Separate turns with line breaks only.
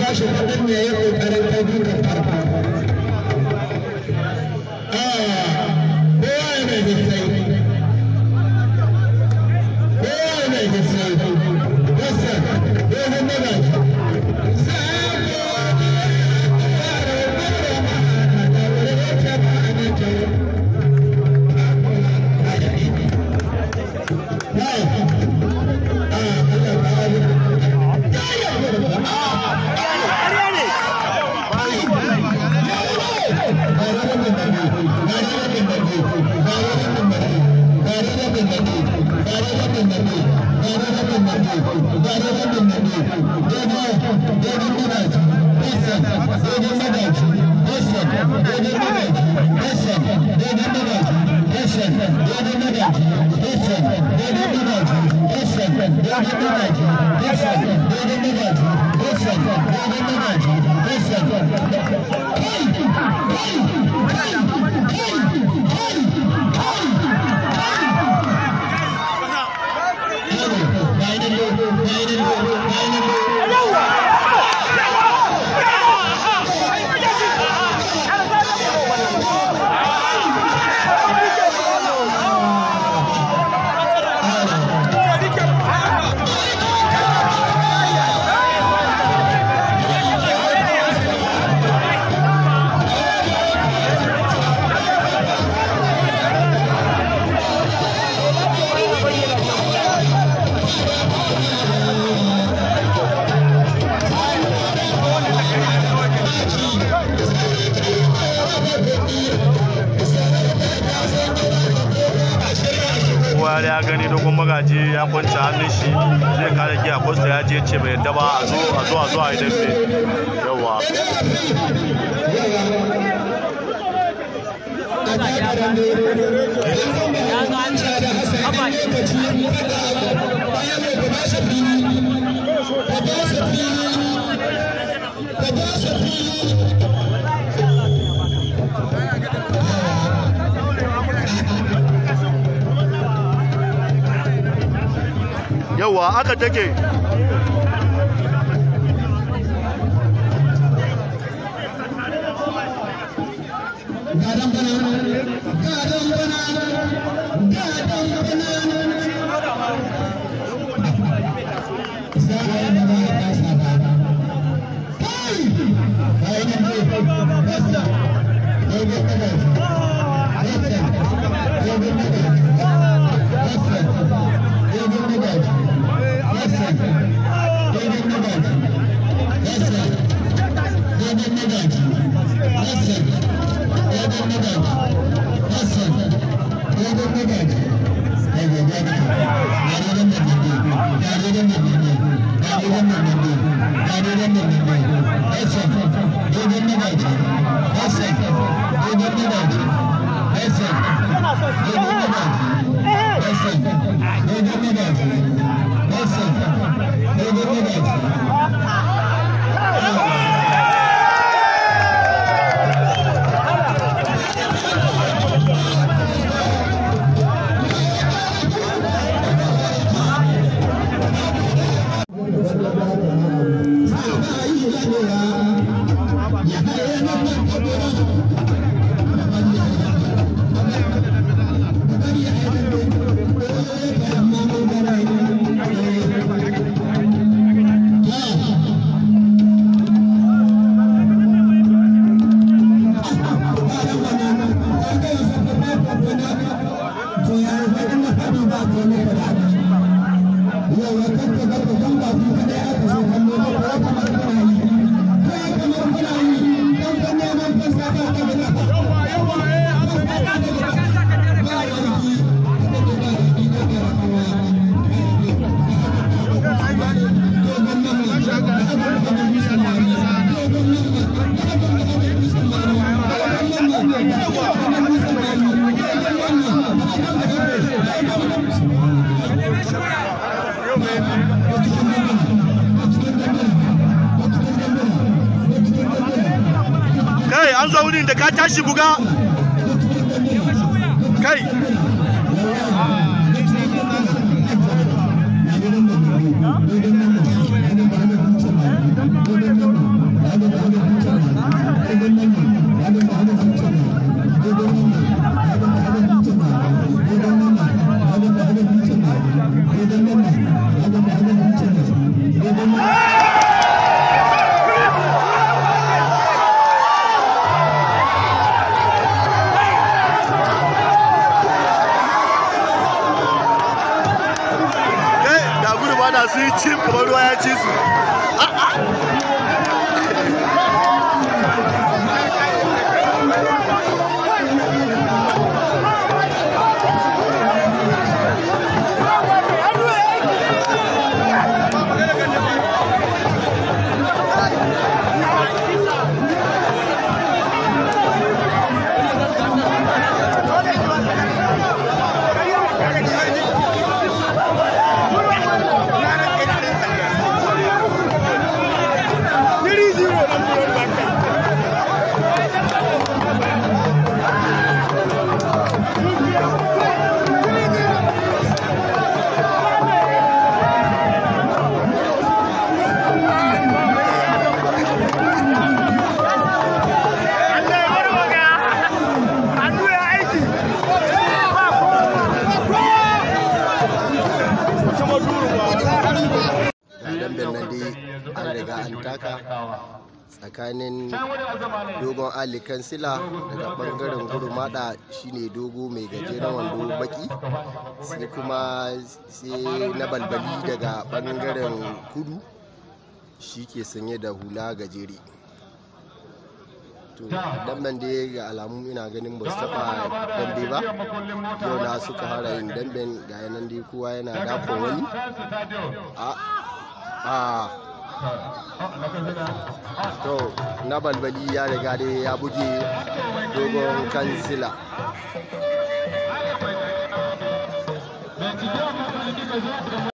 ba shi kudin ne ya ƙoƙarin kai da farko Thank t o u Thank you.
ya gani dogon magaji ya kwanci hannun shi zai kare giya costa ya je ce bai yadda ba a zo a zo a zo a yi dambe yawa
Thank you.
yawa aka take
Thank you. Yes, sir. kai an zo wurin da ka tashi buga kai Thank da su yi cin kamar ruwa ya ci
daga riga tsakanin dogon ali kansila daga bangaren gurmada shine dogo mai gajeren wando baki sai kuma sai na balbali daga bangaren kudu shi ke sanye da hula gajere to damben da ga alamu ina ganin ba su taba dambe ba yau na suka fara yin damben ga yanan dai kowa yana dakon wani a to na balbali ya riga dai ya buge dogon kansila